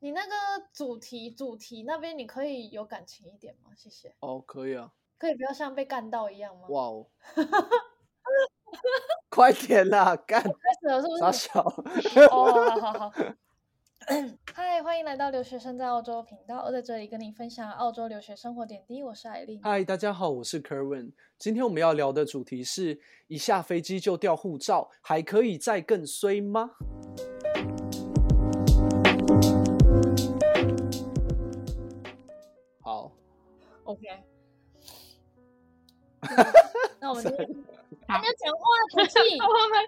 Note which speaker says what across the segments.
Speaker 1: 你那個主題主題那邊，你可以有感情一點嗎？謝謝。
Speaker 2: 哦，oh, 可以啊，
Speaker 1: 可以不要像被幹到一樣嗎？
Speaker 2: 哇哦！快點啦，幹
Speaker 1: 開始了，是不是傻哦，啥小 oh, 好好好。嗨， 歡迎來到留學生在澳洲的頻道，我在這裡跟你分享澳洲留學生活點滴。我是艾麗。
Speaker 2: 嗨，大家好，我是 Kaelyn。今天我們要聊的主題是：一下飛機就掉護照，還可以再更衰嗎？
Speaker 1: OK，那我們大家講話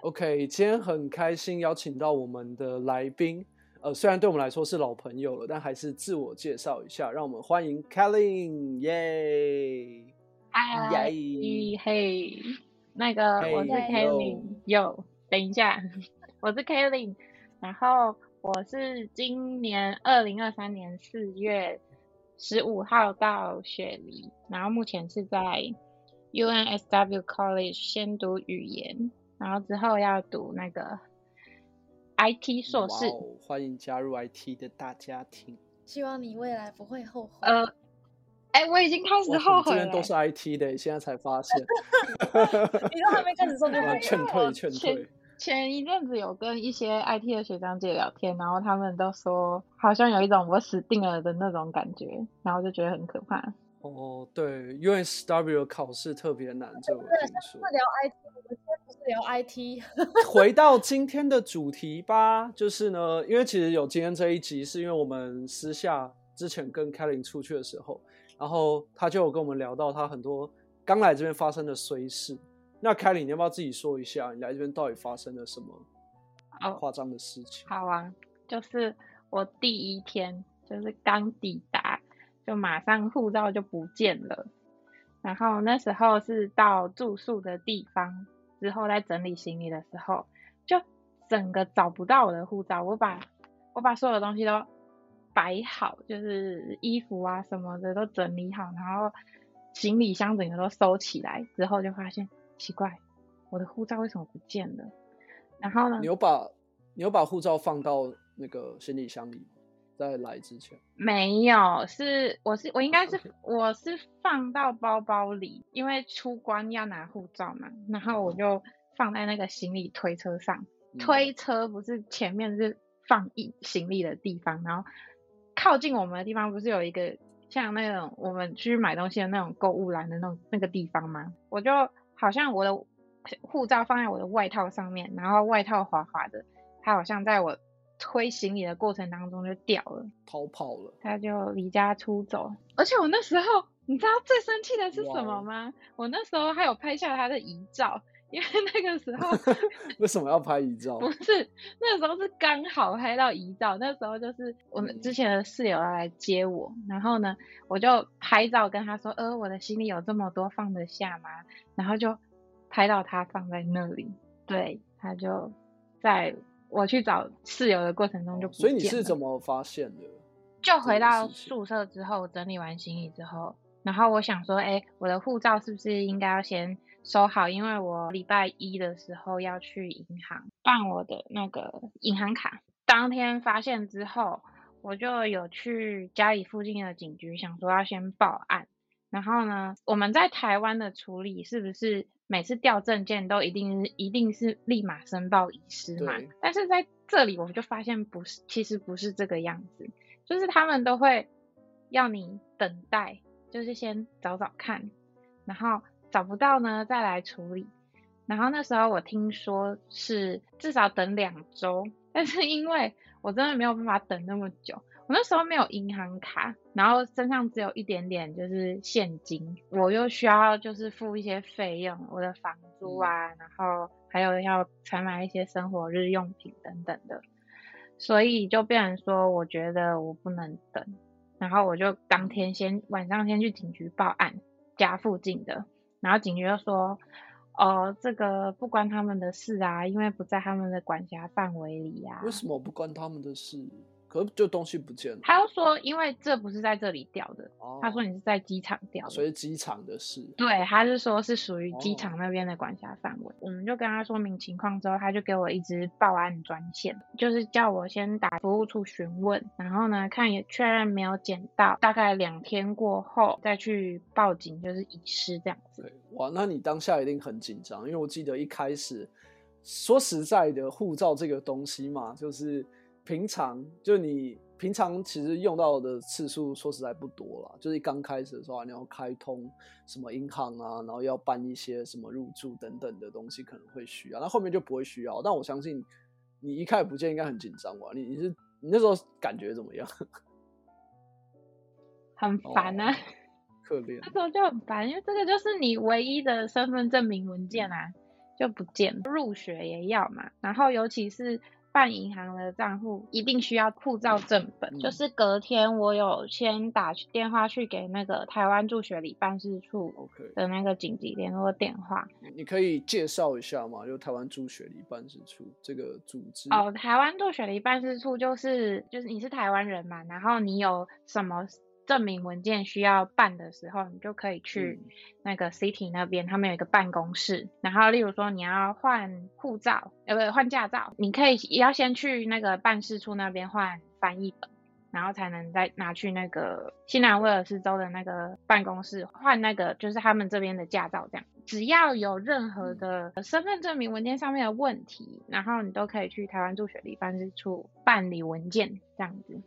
Speaker 2: ，OK，今天很開心邀請到我們的來賓，呃，雖然對我們來說是老朋友了，但還是自我介紹一下，讓我們歡迎 Kaelyn 耶，
Speaker 3: 嗨 Hi, Yeah.，嘿、e，hey, 那個我是 Kaelyn 有，hey, Yo. Yo, 等一下， 我是 Kaelyn 然後我是今年二零二三年四月。十五號到雪梨，然後目前是在 UNSW College 先讀語言，然後之後要讀那個 IT 碩
Speaker 2: 士。哦，歡迎加入 IT 的大家庭。
Speaker 1: 希望你未來不會後
Speaker 2: 悔。
Speaker 1: 呃，哎，我已經開始後悔。這邊都
Speaker 2: 是 IT 的，現在才發現。
Speaker 1: 你都還沒開始做，就勸
Speaker 2: 退，勸退。
Speaker 3: 前一陣子有跟一些 IT 的學長姐聊天，然後他們都說好像有一種我死定了的那種感覺，然後就覺得很可怕。
Speaker 2: 哦，對，USW 考試特別難，就。對，對，對，聽說。是，是聊 IT，我們今天不是
Speaker 1: 聊 IT。
Speaker 2: 回到今天的主題吧，就是呢，因為其實有今天這一集，是因為我們私下之前跟 Kaelyn 出去的時候，然後他就有跟我們聊到他很多剛來這邊發生的衰事。那凱琳，你要不要自己說一下，你來這邊到底發生了什麼誇張的事情？Oh.
Speaker 3: 好啊，就是我第一天，就是剛抵達，就馬上護照就不見了。然後那時候是到住宿的地方之後，在整理行李的時候，就整個找不到我的護照。我把我把所有的東西都擺好，就是衣服啊什麼的都整理好，然後行李箱整個都收起來之後，就發現。奇怪，我的護照為什麼不見了？然後呢？你
Speaker 2: 有把，你有把護照放到那個行李箱裡，在來之前
Speaker 3: 沒有，是我是我應該是 Okay. 我是放到包包裡，因為出關要拿護照嘛。然後我就放在那個行李推車上，嗯、推車不是前面是放一行李的地方，然後靠近我們的地方不是有一個像那種我們去買東西的那種購物籃的那種那個地方嗎？我就。好像我的護照放在我的外套上面，然後外套滑滑的，它好像在我推行李的過程當中就掉了，
Speaker 1: 逃跑了，
Speaker 3: 它就離家出走。
Speaker 1: 而且我那時候，你知道最生氣
Speaker 3: 的是什麼嗎？Wow. 我那時候還有拍下它的遺照。因為那個時候 為什麼要拍遺照？不是那個時候，是剛好拍到遺照。那時候就是我們之前的室友要來接我，嗯、然後呢，我就拍照跟他說：“呃，我的行李有這麼多，放得下嗎？”然後就拍到他放在那裡。對，他就在我去找室友的過程中就不見了。所以你是怎麼發現的？就回到宿舍之後整理完行李之後，然後我想說：“哎、欸，我的護照是不是應該要先？”收好，因為我禮拜一的時候要去銀行辦我的那個銀行卡。當天發現之後，我就有去家裡附近的警局，想說要先報案。然後呢，我們在台灣的處理是不是每次掉證件都一定一定是立馬申報遺失嘛？對但是在這裡我們就發現不是，其實不是這個樣子，就是他們都會要你等待，就是先找找看，然後。找不到呢，再來處理。然後那時候我聽說是至少等兩周，但是因為我真的沒有辦法等那麼久，我那時候沒有銀行卡，然後身上只有一點點就是現金，我又需要就是付一些費用，我的房租啊，嗯、然後還有要採買一些生活日用品等等的，所以就變成說我覺得我不能等，然後我就當天先晚上先去警局報案，家附近的。然後警局就說：“哦、呃，這個不關他們的事啊，因為不在他們的管轄範圍裡啊。”為
Speaker 2: 什麼不關他們的事？就東西不見了。
Speaker 3: 他又說：“因為這不是在這裡掉的，哦、他說你是在機場掉，啊，所
Speaker 2: 以機場的事。”
Speaker 3: 對，他是說，是屬於機場那邊的管轄範圍。哦、我們就跟他說明情況之後，他就給我一支報案專線，就是叫我先打服務處詢問，然後呢，看也確認沒有撿到，大概兩天過後再去報警，就是遺失這樣
Speaker 2: 子。對，哇，那你當下一定很緊張，因為我記得一開始，說實在的，護照這個東西嘛，就是。平常就你平常其實用到的次數說實在不多啦。就是剛開始的時候啊，你要開通什麼銀行啊，然後要辦一些什麼入住等等的東西可能會需要，那後面就不會需要。但我相信你一開始不見，應該很緊張吧？你，你是你那時候感覺怎麼
Speaker 3: 樣？很煩啊！可憐那時候就很煩，因為這個就是你唯一的身份證明文件啊，就不見。入學也要嘛，然後尤其是。辦銀行的賬戶一定需要護照正本，嗯、就是隔天我有先打電話去給那個台灣駐雪梨辦事處，OK 的那個緊急聯絡電話
Speaker 2: ，okay. 你可以介紹一下嗎？就是、台灣駐雪梨辦事處這個組織。哦，oh,
Speaker 3: 台灣駐雪梨辦事處就是就是你是台灣人嘛，然後你有什麼？證明文件需要辦的時候，你就可以去那個 City 那邊，嗯、他們有一個辦公室。然後，例如說你要換護照，呃，不，換駕照，你可以要先去那個辦事處那邊換翻譯本，然後才能再拿去那個新南威爾斯州的那個辦公室換那個，就是他們這邊的駕照這樣。只要有任何的身份證明文件上面的問題，然後你都可以去台灣駐雪梨辦事處辦理文件這樣子。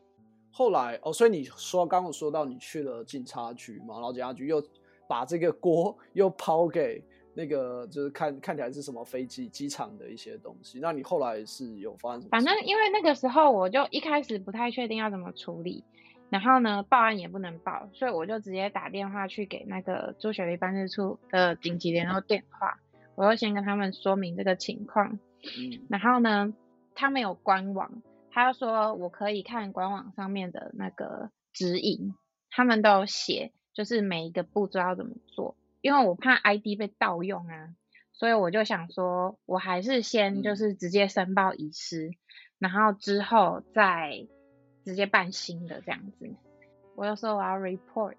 Speaker 2: 後來哦，所以你說剛剛說到你去了警察局嘛，然後警察局又把這個鍋又拋給那個，就是看看起來是什麼飛機機場的一些東西。那你後來是有發生什麼？反正因
Speaker 3: 為那個時候我就一開始不太確定要怎麼處理，然後呢，報案也不能報，所以我就直接打電話去給那個駐雪梨辦事處的緊急聯絡電話，我就先跟他們說明這個情況，嗯、然後呢，他沒有官網。他就說我可以看官網上面的那個指引，他們都有寫就是每一個步驟要怎麼做，因為我怕 ID 被盜用啊，所以我就想說，我還是先就是直接申報遺失，嗯、然後之後再直接辦新的這樣子。我就說我要 report，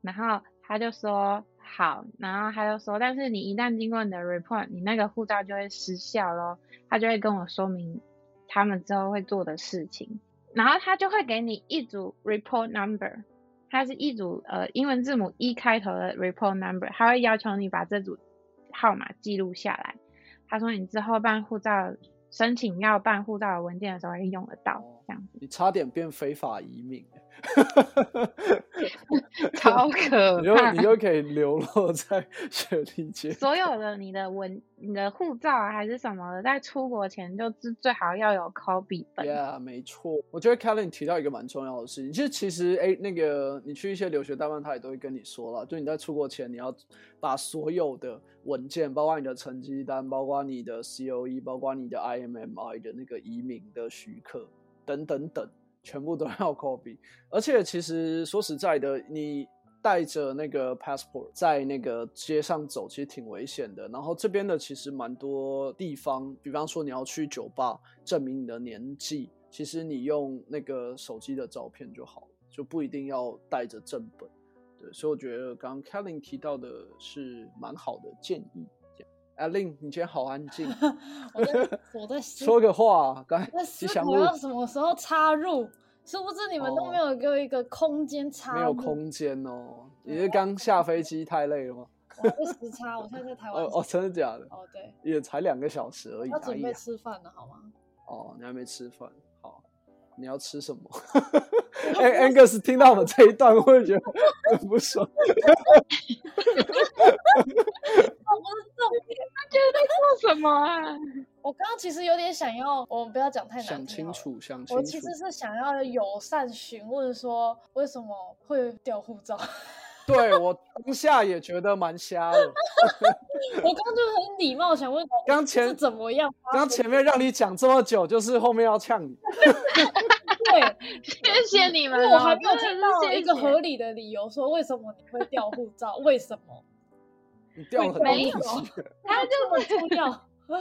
Speaker 3: 然後他就說好，然後他就說但是你一旦經過你的 report，你那個護照就會失效咯，他就會跟我說明。他們之後會做的事情，然後他就會給你一組 report number。它是一組呃英文字母一開頭的 report number，他會要求你把這組號碼記錄下來。他說你之後辦護照，申請要辦護照的文件的時候會用得到。
Speaker 2: 你差點變非法移民， 超可怕， 你就！你又你可以流落在雪梨街。所
Speaker 3: 有的你的文、你的護照、啊、還是什麼的，在出國前就是最好要有 copy 本。y、yeah,
Speaker 2: 沒錯。我覺得 Kaelyn 你提到一個蠻重要的事情，就其實哎、欸，那個你去一些留學單位，他也都會跟你說了，就你在出國前你要把所有的文件，包括你的成績單，包括你的 C O E，包括你的 I M M I 的那個移民的許可。等等等，全部都要 copy。而且其實說實在的，你帶着那個 passport 在那個街上走，其實挺危險的。然後這邊的其實蠻多地方，比方說你要去酒吧證明你的年紀，其實你用那個手機的照片就好，就不一定要帶着正本。對，所以我覺得剛剛 Kaelyn 提到的是蠻好的建議。阿令，你今天好安靜。我在說個話，剛才我要什
Speaker 1: 麼時候插入？殊不知你們都沒有給我一個空間插入。沒有空
Speaker 2: 間哦，你是剛下飛機太累了嗎？我是時
Speaker 1: 差，我現在在台灣。哦，真的假的？哦，
Speaker 2: 對，也才兩個小時而已。我要準備
Speaker 1: 吃飯了，好嗎？
Speaker 2: 哦，你還沒吃飯？好，你要吃什麼？Angus 聽到我們這一段，我也覺得很不爽。
Speaker 1: 什麼啊！我剛剛其實有點想要，我們不要講太難。想清
Speaker 2: 楚，想清楚。我其實
Speaker 1: 是想要友善詢問說，為什麼會掉護照？
Speaker 2: 對，我當下也覺得蠻瞎的。
Speaker 1: 我剛就很禮貌想問我，剛前我是怎麼樣？剛前
Speaker 2: 面讓你講這麼久，就是後面要嗆你。
Speaker 1: 對，謝謝你們哦。我還沒有聽到一個合理的理由說為什麼你會掉護照？ 為什麼？你掉了？
Speaker 3: 沒有，它就是掉。它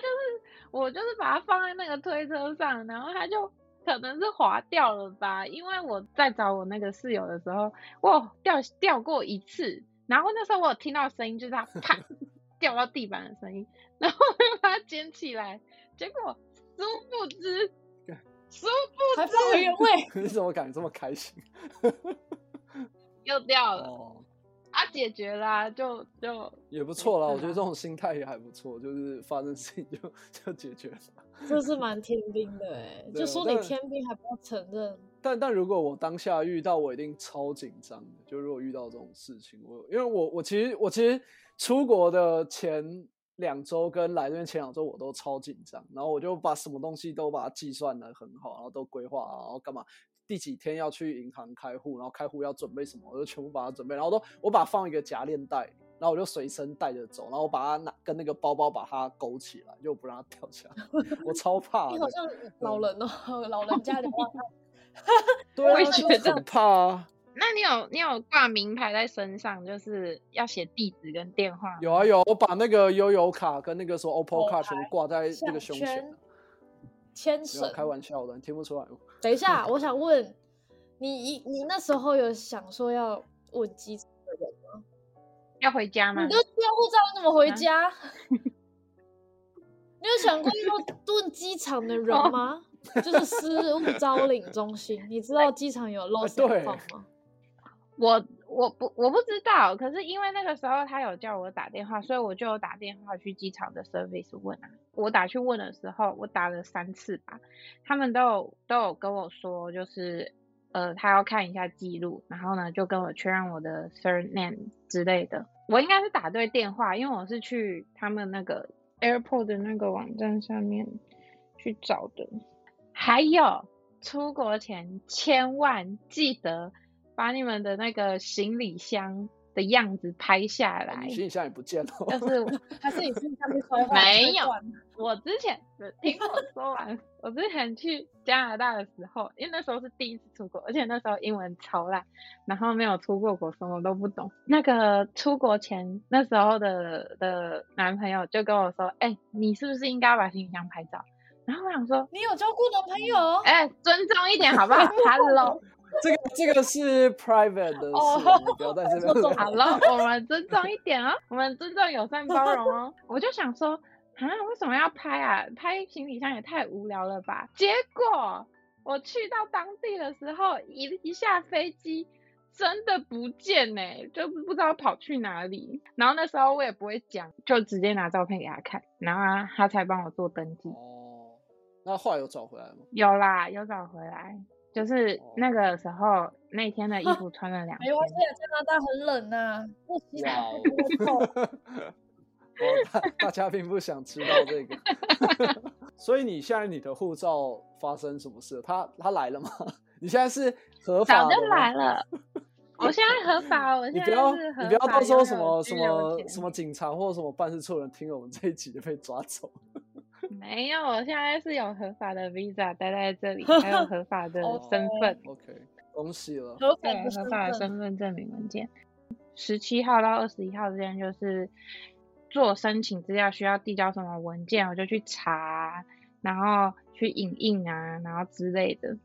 Speaker 3: 就是我就是把它放在那個推車上，然後它就可能是滑掉了吧。因為我在找我那個室友的時候，哇，掉掉過一次。然後那時候我有聽到聲音，就是它啪 掉到地板的聲音，然後我又把它撿起來，結果殊不知，殊不知原味，喂，
Speaker 2: 你怎麼敢這麼開心？
Speaker 3: 又掉了。
Speaker 1: 啊、解決了、啊、啦，就
Speaker 2: 就也不錯啦。我覺得這種心態也還不錯，嗯、就是發生事情就就解決了。這是蠻天兵的、欸，
Speaker 1: 就說你天兵還不要承認。
Speaker 2: 但但，但如果我當下遇到，我一定超緊張的。就如果遇到這種事情，我因為我我其實我其實出國的前兩週跟來這邊前兩週我都超緊張，然後我就把什麼東西都把它計算得很好，然後都規劃然後幹嘛。第幾天要去銀行開戶，然後開戶要準備什麼，我就全部把它準備，然後都我把它放一個夾鏈袋，然後我就隨身帶着走，然後我把它拿跟那個包包把它勾起來，又不讓它掉下來，我超怕、啊。
Speaker 1: 你好像老人哦，對老人家
Speaker 2: 的包， 對，我也覺得，很怕啊。
Speaker 3: 那你有你有掛名牌在身上，
Speaker 1: 就是要寫地址跟電話？有啊
Speaker 2: 有，我把那個悠遊卡跟那個什麼 OPPO 卡全部掛在那個胸前。
Speaker 1: 千開玩
Speaker 2: 笑的，你聽不出來嗎？
Speaker 1: 等一下， 我想問你，你那時候有想說要問機場的人嗎？要回家嗎？你都要護照你怎麼回家？啊、你有想過要問機場的人嗎？ 就是失物招領中心，你知道機場有 Lost and Found 嗎？對我。我不，我不知
Speaker 3: 道，可是因為那個時候他有叫我打電話，所以我就打電話去機場的 service 問啊。我打去問的時候，我打了三次吧，他們都有都有跟我說，就是呃他要看一下記錄，然後呢就跟我確認我的 surname 之類的。我應該是打對電話，因為我是去他們那個 airport 的那個網站上面去找的。還有出國前千萬記得。把你們的那個行李箱的樣子拍下來，行李、啊、箱也不見了。但是他自己行李箱被摔沒有，沒有我之前聽我說完， 我之前去加拿大的時候，因為那時候是第一次出國，而且那時候英文超爛，然後沒有出過國，什麼都不懂。那個出國前那時候的的男朋友就跟我說：“哎，你是不是應該把行李箱拍照？”
Speaker 1: 然後我想說：“你有交過男朋友、嗯？”哎，尊重一點好不好，Hello。
Speaker 3: 這個這個是 private 的，oh, 不要在這邊，好了， 我們尊重一點哦，我們尊重友善包容哦。 我就想說，啊，為什麼要拍啊？拍行李箱也太無聊了吧。結果我去到當地的時候，一一下飛機，真的不見哎，就不知道跑去哪裡。然後那時候我也不會講，就直接拿照片給他看，然後、啊、他才幫我做登記。哦，oh,
Speaker 1: 那後來有找回來嗎？有啦，有找回來。
Speaker 3: 就是那個時候，哦、那天的衣服穿了
Speaker 1: 兩。沒關
Speaker 2: 係，哎、看到大很冷呢、啊，不洗兩我護大家並不想知道這個， 所以你現在你的護照發生什麼事？他他來了嗎？你現在是合法的。早就來了，我現
Speaker 3: 在合法。我現在 你不要你不要多說什麼什麼
Speaker 2: 什麼警察或者什麼辦事處人聽了我們這一集就被抓走。
Speaker 3: 沒有，我現在是有合法的 visa 待在這裡，還有合法的身份。 oh,
Speaker 2: OK，恭喜了。合法的身
Speaker 3: 份證明文件。十七號到二十一號之間，就是做申請資料需要遞交什麼文件，我就去查，然後去影印啊，然後之類的。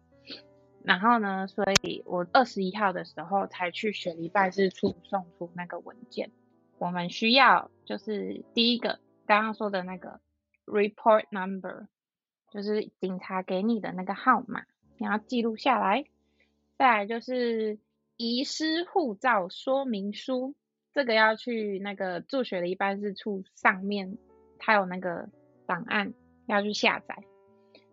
Speaker 3: 然後呢，所以我二十一號的時候才去雪梨辦事處送出那個文件。我們需要就是第一個剛剛說的那個。Report number，就是警察給你的那個號碼，你要記錄下來。再來就是遺失護照說明書，這個要去那個駐雪梨辦事處上面，它有那個檔案，要去下載。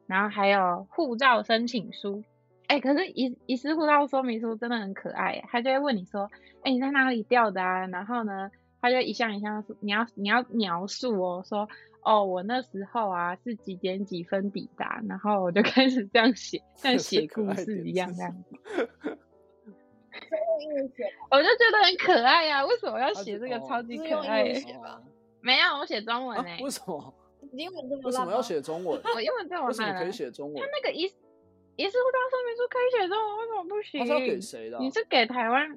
Speaker 3: 然後還有護照申請書，哎、欸，可是遺遺失護照說明書真的很可愛、欸，他就會問你說，哎、欸，你在哪裡掉的啊？然後呢？他就一項一項說，你要你要描述哦，說哦我那時候啊是幾點幾分抵達，然後我就開始這樣寫，像寫故事一樣這，一這樣子。用英文寫 我就覺得很可愛呀、啊。為什麼要寫這個、啊、超級可愛？沒有、哦，我寫中文誒、啊。為什麼？英文這麼爛，為什麼要寫中文？ 我英文這麼爛了、啊，為什麼可以寫中文？他那個一，也是護照說明書可以寫中文，為什麼不寫？他是給誰的、啊？你是給台灣？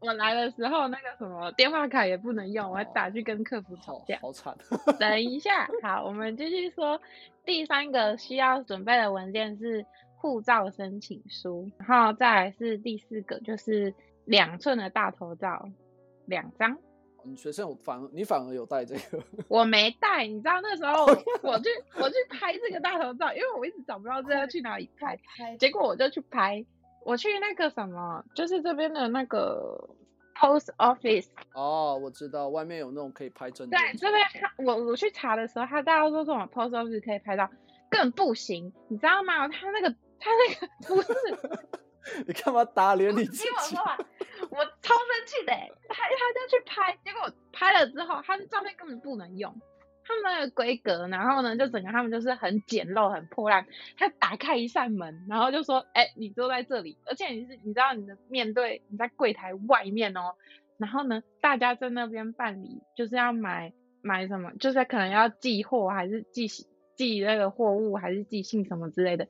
Speaker 3: 我來的時候，那個什麼電話卡也不能用，哦、我還打去跟客服吵架。好，好，好慘。等一下，好，我們繼續說。第三個需要準備的文件是護照申請書，然後再來是第四個，就是兩寸的大頭照，
Speaker 2: 兩張。哦、你學生我反你反而有帶這個？
Speaker 3: 我沒帶，你知道那時候我， 我去我去拍這個大頭照，因為我一直找不到這要去哪裡拍，哎、拍，結果我就去拍。我去那個什麼，就是這邊的那個 post office。哦，我知道外面有那種可以拍證件。對，這邊我我去查的時候，他大家都說這種 post office 可以拍到，根本不行，你知道嗎？他那個他那個不是。 你
Speaker 2: 幹嘛打臉你自己聽我說
Speaker 3: 完，我超生氣的、欸。他他要去拍，結果拍了之後，他的照片根本不能用。他們的規格，然後呢，就整個他們就是很簡陋、很破爛。他打開一扇門，然後就說：“哎、欸，你坐在這裡，而且你是你知道你的面對你在櫃檯外面哦。”然後呢，大家在那邊辦理，就是要買買什麼，就是可能要寄貨還是寄寄那個貨物還是寄信什麼之類的。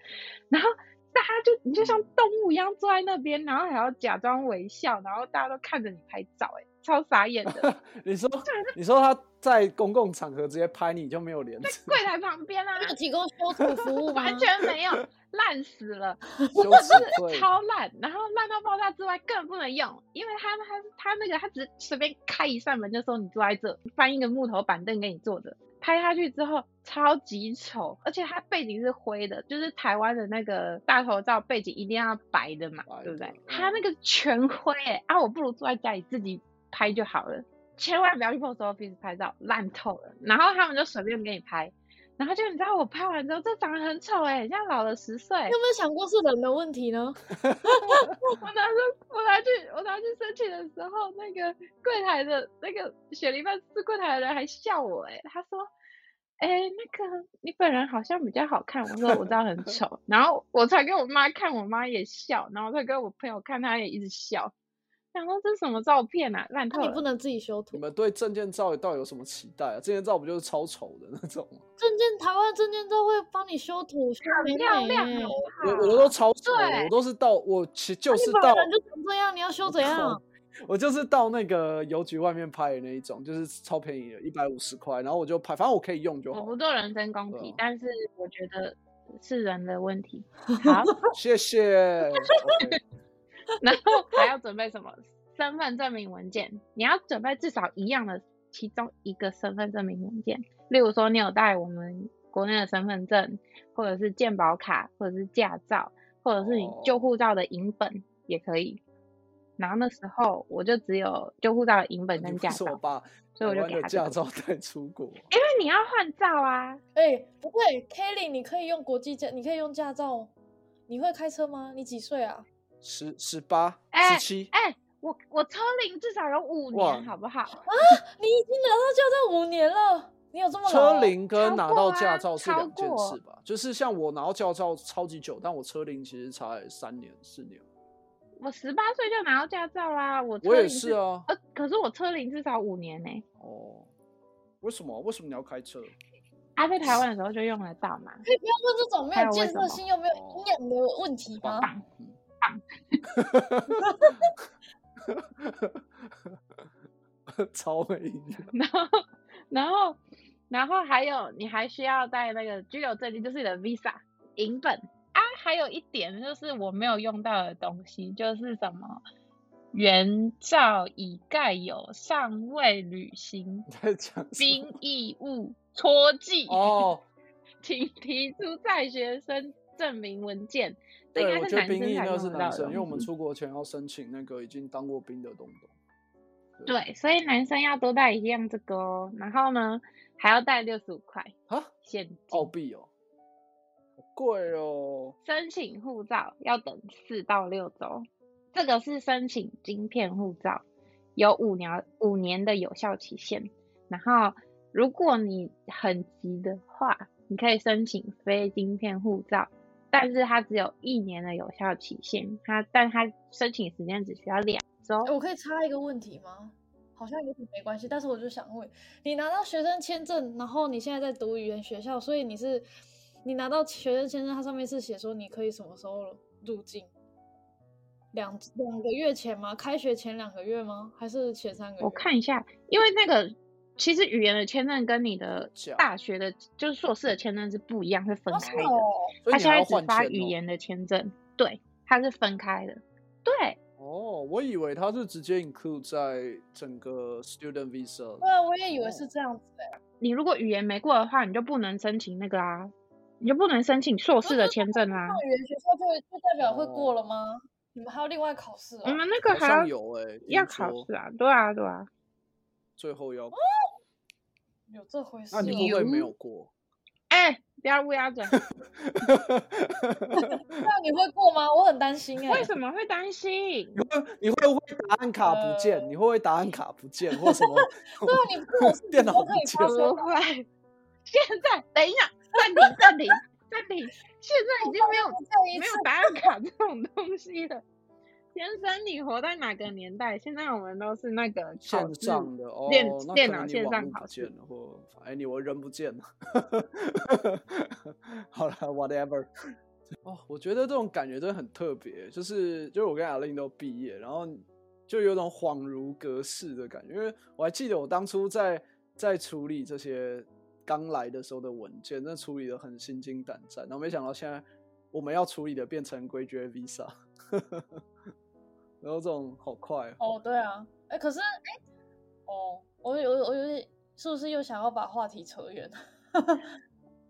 Speaker 3: 然後大家就你就像動物一樣坐在那邊，然後還要假裝微笑，然後大家都看着你拍照，哎，超傻眼的。
Speaker 2: 你說，你說他。在公共場合直接拍你就沒有臉。在
Speaker 3: 櫃檯旁邊啊， 有提供說服服務嗎？ 完全沒有，爛死了，我真的 是 超爛，然後爛到爆炸之外更不能用，因為他他他那個他只隨便開一扇門就說你坐在這兒，翻一個木頭板凳給你坐着。拍下去之後超級醜，而且他背景是灰的，就是台灣的那個大頭照背景一定要白的嘛， 對不對？他那個全灰哎、欸、啊，我不如坐在家裡自己拍就好了。千萬不要去 post office 拍照，爛透了。然後他們就隨便給你拍，
Speaker 1: 然後就你知道我拍完之後，這長得很醜哎、欸，像老了十歲。有沒有想過是人的問題呢？
Speaker 3: 我拿去，我拿去，我拿去申請的時候，那個櫃檯的那個雪梨辦事櫃檯的人還笑我哎、欸，他說，哎、欸，那個你本人好像比較好看。我說我知道很醜。 然後我才跟我媽看，我媽也笑。然後再跟我朋友看，她也一直笑。想說這是什麼照片
Speaker 1: 啊？爛、啊、你不能
Speaker 2: 自己修圖。你們對證件照到底有什麼期待啊？證件照不就是超醜的那種嗎？
Speaker 1: 證件台灣證件照會幫你修圖，修、欸、亮亮。
Speaker 2: 我我都超醜，對我都是到我其就是到。一人、
Speaker 1: 啊、就長這樣，你要修怎樣？我，
Speaker 2: 我就是到那個郵局外面拍的那一種，就是超便宜的，一百五十塊，然後我就拍，反正我可以用就好。我不
Speaker 3: 做人身攻擊，嗯、
Speaker 2: 但是我覺得是人的問題。好， 謝謝。 Okay.
Speaker 3: 然後還要準備什麼身份證明文件？你要準備至少一樣的其中一個身份證明文件，例如說你有帶我們國內的身份證，或者是健保卡，或者是駕照，或者是你舊護照的影本也可以。哦、然後那時候我就只有舊護照的影本跟駕照，我爸所以我就給他帶出國。
Speaker 1: 因為你要換照啊！哎、欸，不會，Kaelyn，你可以用國際駕你可以用駕照。你會開車嗎？你幾歲啊？
Speaker 2: 十十八，欸、十七，
Speaker 1: 哎、欸，我我車齡至少有五年，哇好不好？啊，你已經拿到駕照五年了，你有這麼？車齡
Speaker 2: 跟拿到駕照是兩件事吧？啊、就是像我拿到駕照超級久，但我車齡其實才三年四年。
Speaker 3: 我十八歲就拿到駕照啦，我我也是啊，呃，可是我車齡至少五年呢、欸。
Speaker 2: 哦，為什麼？為什麼你要開車？
Speaker 3: 啊，在台灣的
Speaker 2: 時候就用得到
Speaker 3: 嘛。可
Speaker 1: 以不要問這種沒有建設性又沒有營養的問題吧。
Speaker 2: 哈哈哈！然
Speaker 1: 後，然後，
Speaker 3: 然後還有，你還需要帶那個居留證件，就是你的 visa 影本啊。還有一點就是我沒有用到的東西，就是什麼原照已蓋有尚未履行兵役義務戳記哦，oh. 請提出在學生證明文件。對，我覺得兵役那是男生，男生因為我們出
Speaker 2: 國前要申請那個已經當過兵的東東。對,對，
Speaker 3: 所以男生要多帶一樣這個、哦，然後呢還要帶六十五塊現金澳幣哦，好貴哦。申請護照要等四到六周，這個是申請晶片護照，有五年五年的有效期限。然後如果你很急的話，你可以申請非晶片護照。但是它只有一年的有效期限，它，但它申請時間只需要兩
Speaker 1: 周。我可以插一個問題嗎？好像有點沒關係，但是我就想問，你拿到學生簽證，然後你現在在讀語言學校，所以你是，你拿到學生簽證，它上面是寫說你可以什麼時候入境？兩兩個月前嗎？開學前兩個月嗎？還是前三個月？我
Speaker 3: 看一下，因為那個。其實語言的簽證跟你的大學的，的就是碩士的簽證是不一樣，會分開的。
Speaker 1: 他、哦哦、現在只
Speaker 3: 發語言的簽證，對，它是分開的。對。哦，
Speaker 2: 我以為他是直接 include 在整個 student visa。對、啊，
Speaker 3: 我也以為是這樣子。的、哦。你如果語言沒過的話，你就不能申請那個啊，你就不能申請碩士的簽證啊。語言
Speaker 1: 學校就就代表會過了嗎？你們還要另
Speaker 3: 外考試、啊？你們那個還要有、欸、要考試啊？對啊，對
Speaker 2: 啊。最後要考。
Speaker 3: 有這回事、哦？你會不會沒有過？哎，烏鴉嘴！ 那
Speaker 1: 你會過嗎？我很擔心、欸、為什麼會擔心？
Speaker 3: 你
Speaker 2: 會你會不會答案卡不見？呃、你會不會答案卡不見或什麼？ 對啊，你不 電腦可以消說不
Speaker 1: 現在，等一下，暫停，暫停，暫停！現在已經沒有 沒有答案卡
Speaker 3: 這種東西了。先生，你活在哪個年代？現在我們都是那個線上的，的哦。電腦、能你網不
Speaker 2: 好見，電或哎、欸、你我人不見了。 好了，whatever。 哦，我覺得這種感覺真的很特別，就是就是我跟阿玲都畢業，然後就有種恍如隔世的感覺，因為我還記得我當初在在處理這些剛來的時候的文件，那處理的很心驚膽戰。然後沒想到現在我們要處理的變成規矩 visa。 有這種好快
Speaker 1: 哦，對啊，欸、可是哎，欸、哦，我有我有點，是不是又想要把話題扯遠？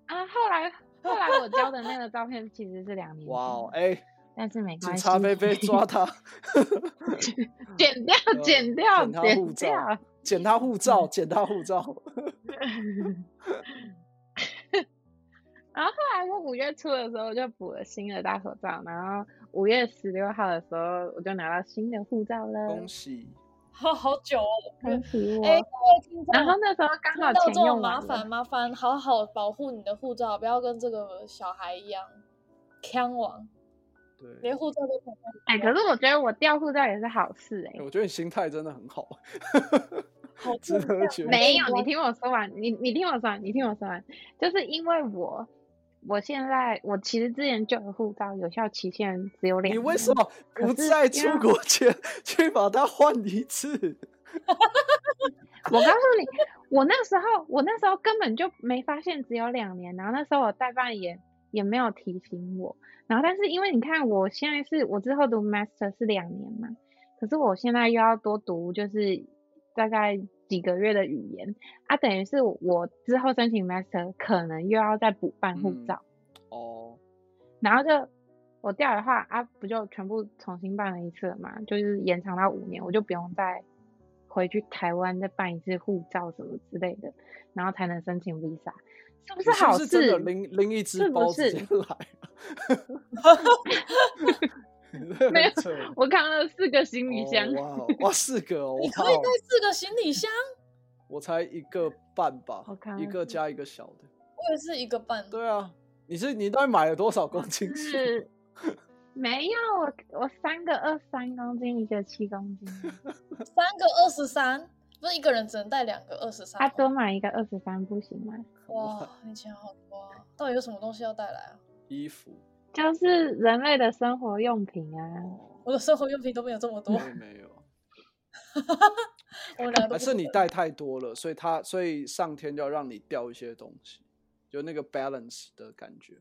Speaker 1: 啊，
Speaker 3: 後來後來我交的那個照片其實是兩年前，哇哦、wow, 欸，哎，但是沒關係，警察飛抓他，剪掉剪掉剪掉，剪他護照，
Speaker 2: 剪掉，剪他護照，剪他護照，
Speaker 3: 然後後來我五月初的時候我就補了新的大頭照，然後。五月十六號的時候，我就拿到新的護照了。恭喜！哦、
Speaker 1: 好久哦，恭喜我。欸、然後那時候剛好有這種麻煩，麻煩好好保護你的護照，不要跟這個小孩一樣，坑王。
Speaker 3: 對，
Speaker 1: 連護照都
Speaker 3: 搶。哎、欸，可是我覺得我掉護照也是好事哎、欸。我
Speaker 2: 覺得你心態真的很好。
Speaker 3: 好值得。哈沒有，你聽我說完，你你聽我說完，你聽我說完，就是因為我。我現在我其實之前舊的護照，有效期限只有兩年。你為什麼不在出國前是要去把它換一次？ 我告訴你，我那時候我那時候根本就沒發現只有兩年，然後那時候我代辦也也沒有提醒我。然後，但是因為你看，我現在是我之後讀 master 是兩年嘛，可是我現在又要多讀，就是大概。幾個月的語言啊，等於是我之後申請 Master 可能又要再補辦護照，嗯、哦，然後就我掉的話啊，不就全部重新辦了一次嘛，就是延長到五年，我就不用再回去台灣再辦一次護照什麼之類的，然後才能申請 Visa，是不是好事？是，拎一隻包進來。 沒
Speaker 1: 有，我扛了四個行李箱。哇
Speaker 2: ，oh, wow. oh, 四個哦！ 你可以帶
Speaker 1: 四個行李箱？
Speaker 2: 我才一個半吧，
Speaker 1: 看一個加
Speaker 2: 一個小的。
Speaker 1: 我也是一個半。對啊，
Speaker 2: 你是你到底買了多少公斤
Speaker 3: 是？是、 嗯，
Speaker 1: 沒有，我三個二三公斤，一個七公斤， 三個二十三，不是一個人只能帶兩個二十三。他
Speaker 3: 多買一個二十三不行
Speaker 1: 嗎？哇，你錢好多、啊，到底有什麼東西要帶來
Speaker 3: 啊？衣服。就是人類的生活用品啊！
Speaker 1: 我的生活用品都沒有這麼多， 沒有。
Speaker 3: 哈哈哈哈，還
Speaker 2: 是你帶太多了，所以它，所以上天就要讓你掉一些東西，就那個 balance 的感覺。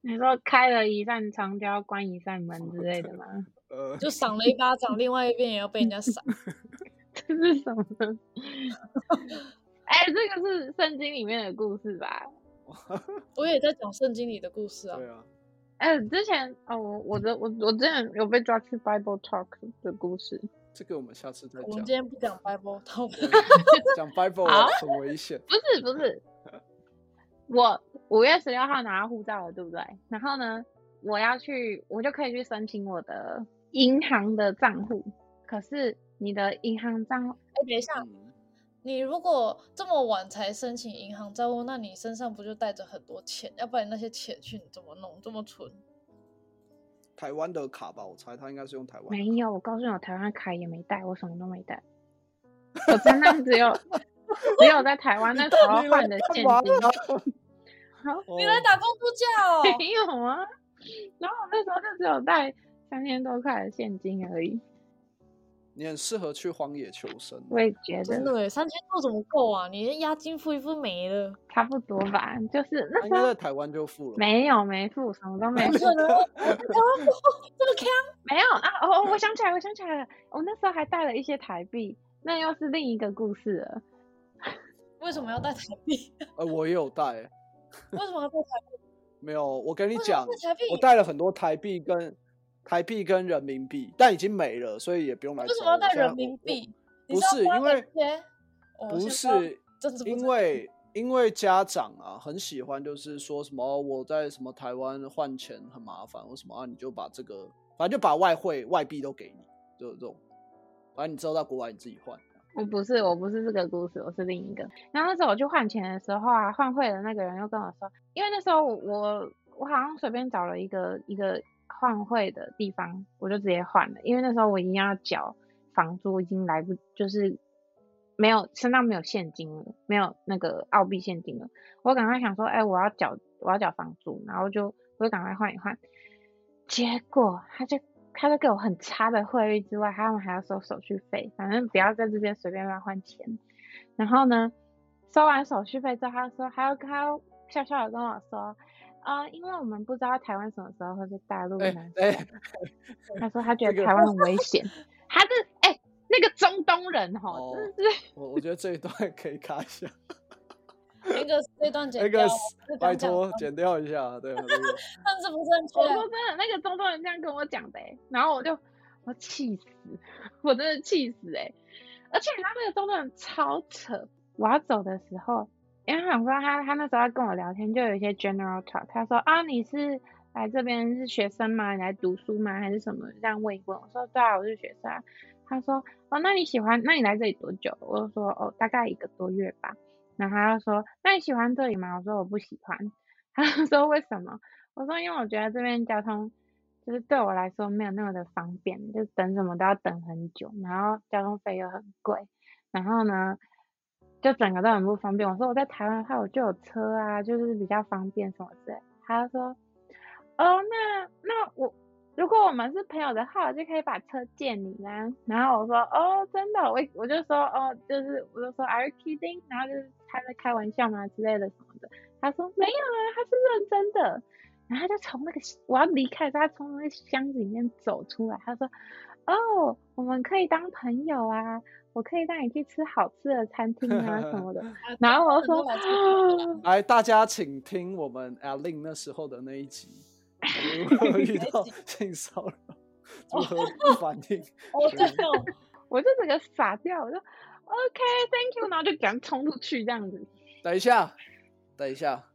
Speaker 3: 你說開了一扇窗就要關一扇門之類的嗎？ 呃， 就賞了一巴掌，另外一邊也
Speaker 1: 要被人家賞。 這是什麼？哎、 欸，這個是聖經裡面的故事吧？ 我也在講聖經裡的故事啊！ 對啊。
Speaker 3: 哎、欸，之前啊、哦，我的我的我我之前有被抓去 Bible Talk 的故事，這個我們下次再講。我們今天不講 Bible Talk，
Speaker 2: 講 Bible 很危險。
Speaker 3: 不是不是，我五月十六號拿到護照了，對不對？然後呢，
Speaker 1: 我要去，我就可以去申請我的
Speaker 3: 銀行的賬戶。可是你的銀行賬，哎、欸，
Speaker 1: 等一下。你如果這麼晚才申請銀行賬戶，那你身上不就帶着很多錢？要不然那些錢去怎麼弄？這麼蠢。
Speaker 2: 台灣的卡吧，我猜他應該是用台灣的。沒有，
Speaker 3: 我告訴你，我台灣的卡也沒帶，我什麼都沒帶。我真的只有 只有在台灣那時候換的現金。好， 你來打工度假哦？ 沒有啊。然後我那時候就只有帶三千多塊的現金而已。
Speaker 2: 你很適合去荒野求生，我也覺得。真的
Speaker 1: 哎，三千多怎麼夠啊？你的押金付一付沒了，差不多吧？就是那時候、啊、在
Speaker 3: 台灣就付了，沒
Speaker 1: 有沒付，什麼都沒付
Speaker 3: 這個坑？沒有 啊，哦，我想起來，我想起來了，我那時候還帶了一些台幣，那又是另一個故事了。
Speaker 1: 為什麼要帶台幣？
Speaker 2: 呃，我也有帶。
Speaker 1: 為什麼要帶
Speaker 2: 台幣？ 沒有，我跟你講，帶我帶了很多台幣跟。台幣跟人民幣，但已經沒了，所以也不用來。為什麼要帶人民
Speaker 1: 幣？不是因為，呃、不是
Speaker 2: 因為，因為家長啊很喜歡，就是說什麼、哦、我在什麼台灣換錢很麻煩，為什麼啊？你就把這個，反正就把外匯、外幣都給你，就這種，反正你知道到國外你自己換。
Speaker 3: 我、嗯、不是，我不是這個故事，我是另一個。然後那時候我去換錢的時候啊，換匯的那個人又跟我說，因為那時候我我好像隨便找了一個一個。換匯的地方，我就直接換了，因為那時候我一定要繳房租，已經來不，就是沒有身上沒有現金了，沒有那個澳幣現金了，我趕快想說，哎、欸，我要繳我要繳房租，然後就我就趕快換一換，結果他就他就給我很差的匯率之外，他們還要收手續費，反正不要在這邊隨便亂換錢。然後呢，收完手續費之後，他說還要他笑笑的跟我說。啊、呃，因為我們不知道台灣什麼時候會被大陸人、欸欸、他說他覺得台灣很危險，他
Speaker 1: 是哎、欸、那個中東人真
Speaker 3: 的、哦、是、
Speaker 2: 是我我覺得這一段可以卡一下，那
Speaker 1: 個那 段剪掉，那個拜託剪
Speaker 2: 掉一下，對、啊，那個、
Speaker 1: 他是不是
Speaker 3: 正、啊、我說真的，那個中東人這樣跟我講的、欸，然後我就我氣死，我真的氣死、欸，哎，而且他那個中東人超扯，我要走的時候。因為他，我想說他，他那時候要跟我聊天，就有一些 general talk。他說啊、哦，你是來這邊是學生嗎？你來讀書嗎？還是什麼？這樣問一問。我說對啊，我是學生啊。他說哦，那你喜歡？那你來這裡多久？我就說哦，大概一個多月吧。然後他又說那你喜歡這裡嗎？我說我不喜歡。他又說為什麼？我說因為我覺得這邊交通就是對我來說沒有那麼的方便，就等什麼都要等很久，然後交通費又很貴。然後呢，就整個都很不方便。我說我在台灣的話，我就有車啊，就是比較方便什麼之類。他就說，哦，那那我如果我們是朋友的話，我就可以把車借你呢、啊。然後我說，哦，真的？我我就說，哦，就是我就說，Are you kidding？然後就是他在開玩笑嘛之類的什麼的。他說沒有啊，他是認真的。然後他就從那個我要離開，他從那個箱子裡面走出來，他說。哦，oh, 我們可以當朋友啊！我可以帶你去吃好吃的餐廳啊什麼的。 然後我就說：“
Speaker 1: 啊，
Speaker 2: 來，大家請聽我們 Alin 那時候的那一集，
Speaker 3: 我 遇
Speaker 2: 到性騷擾，如何反應。”
Speaker 1: 我就，
Speaker 3: 我就整個傻掉，我就 OK, thank you。”然後就直衝出去這樣子。
Speaker 2: 等一下，等一下。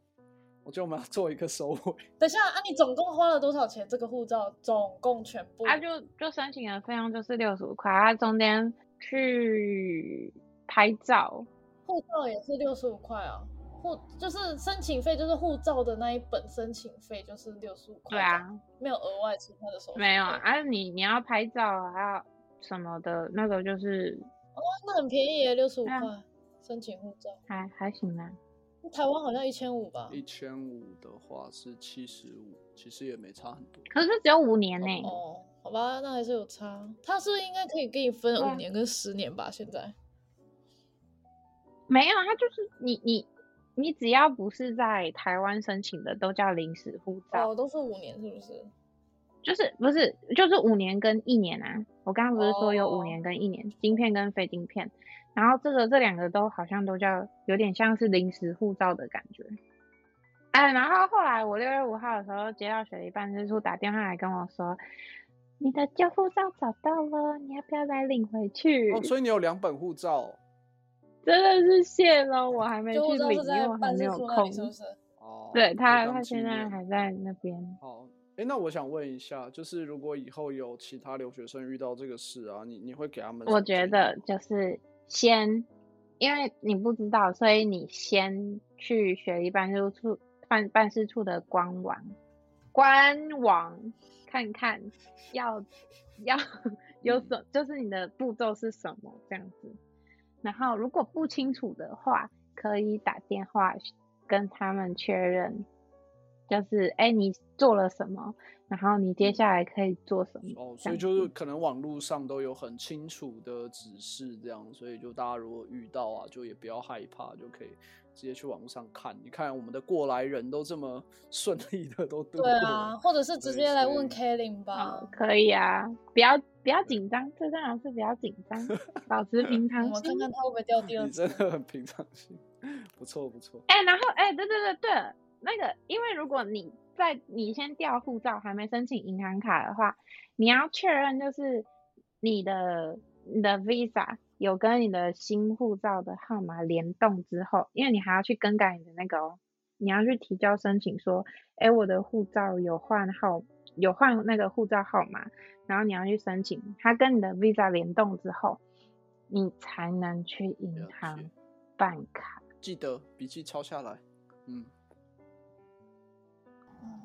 Speaker 2: 我覺得我們要做一個收尾。
Speaker 1: 等一下啊，你總共花了多少錢？這個護照總共全部啊就，就
Speaker 3: 就申請的費用就是六十五塊啊。中間去拍照，
Speaker 1: 護照也是六十五塊哦。護就是申請費，就是護照的那一本申請費就是六十五塊。啊，沒有額外其他的收費？沒有
Speaker 3: 啊你？你你要拍照還、啊、要什麼的那個就是，
Speaker 1: 哦，那很便宜耶，六十五塊申請護照
Speaker 3: 還還行啊。
Speaker 1: 台灣好像一千五
Speaker 2: 吧，一千五的話是七十五，其實也沒
Speaker 1: 差很多。可是只要五年呢、欸？哦，好吧，那還是有差。他是不是應該可以給你分五年跟十年吧？嗯、現在
Speaker 3: 沒有，他就是你你你只要不是在台灣申請的，都叫臨時護照哦，
Speaker 1: 都是五年是不是？
Speaker 3: 就是不是就是五年跟一年啊？我剛剛不是說有五年跟一年，哦、晶片跟非晶片。然後這個這兩個都好像都叫有點像是臨時護照的感覺，哎，然後後來我六月五號的時候接到雪梨辦事處打電話來跟我說，你的舊護照找到了，你要不要來領回去？哦，所以
Speaker 2: 你有兩本護照，
Speaker 3: 真的是謝了，我還沒去領，是是我還
Speaker 2: 沒有空，是不
Speaker 3: 是？哦，對他他現在還在那邊。哦、
Speaker 2: 嗯，哎，那我想問一下，就是如果以後有其他留學生遇到這個事啊，你你會給他
Speaker 3: 們？我覺得就是。先，因為你不知道，所以你先去雪梨辦事處辦辦事處的官網官網看看要，要要有什就是你的步驟是什麼這樣子。然後如果不清楚的話，可以打電話跟他們確認，就是哎，欸、你做了什麼？然後你接下來可以做什麼？嗯、哦，所以就是
Speaker 2: 可能網絡上都有很清楚的指示，這樣，所以就大家如果遇到啊，就也不要害怕，就可以直接去網絡上看。你看、啊、我們的過來人都這麼順利的都對，對啊，
Speaker 1: 或者是直接來問 Kaelyn 吧，嗯。可以啊，不要不要緊張，這張老是比較
Speaker 3: 緊張，保持平常心。我掉，你真的
Speaker 2: 很平常心，不錯
Speaker 3: 不錯。哎，然後哎，對對對對。那個，因為如果你在你先掉護照還沒申請銀行卡的話，你要確認就是你的你的 visa 有跟你的新護照的號碼聯動之後，因為你還要去更改你的那個哦，你要去提交申請說，哎、欸，我的護照有換號，有換那個護照號碼，然後你要去申請，它跟你的 visa 聯動之後，你才能去銀行辦卡。
Speaker 2: 記得筆記抄下來，
Speaker 1: 嗯。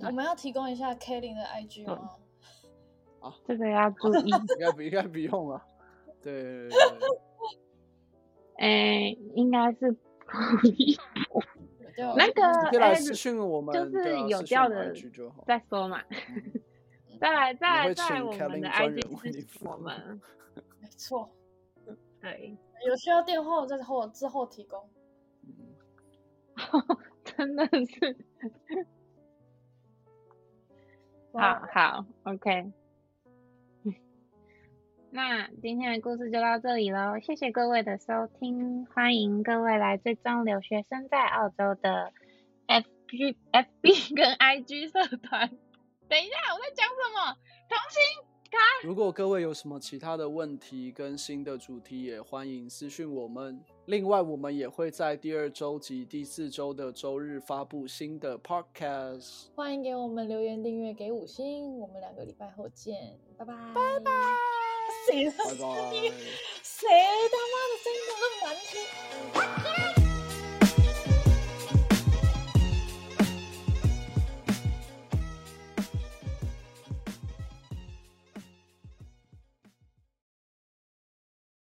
Speaker 1: 我們要提供一下 Kaelyn 的 IG 哦，
Speaker 2: 這個要注意，應該不應該不用了？
Speaker 3: 對，哎，應該是那個就是有掉的再說嘛，再來再來再我們的 IG 我們，
Speaker 1: 沒錯，對，有需要電話之後之後提供。
Speaker 3: 真的是。Wow. 好好，OK。 那今天的故事就到這裡嘍，謝謝各位的收聽，歡迎各位來追蹤留學生在澳洲的 F G F B 跟 I G 社團。 等
Speaker 1: 一下，我在講什麼？童心。
Speaker 2: 如果各位有什麼其他的問題跟新的主題，也歡迎私訊我們。另外，我們也會在第二周及第四周的周日發布新的 podcast。
Speaker 1: 歡迎給我們留言、訂閱、給五星。我們兩個禮拜後見，拜拜，拜拜 bye。誰他媽的聲 bye 音都那麼難聽！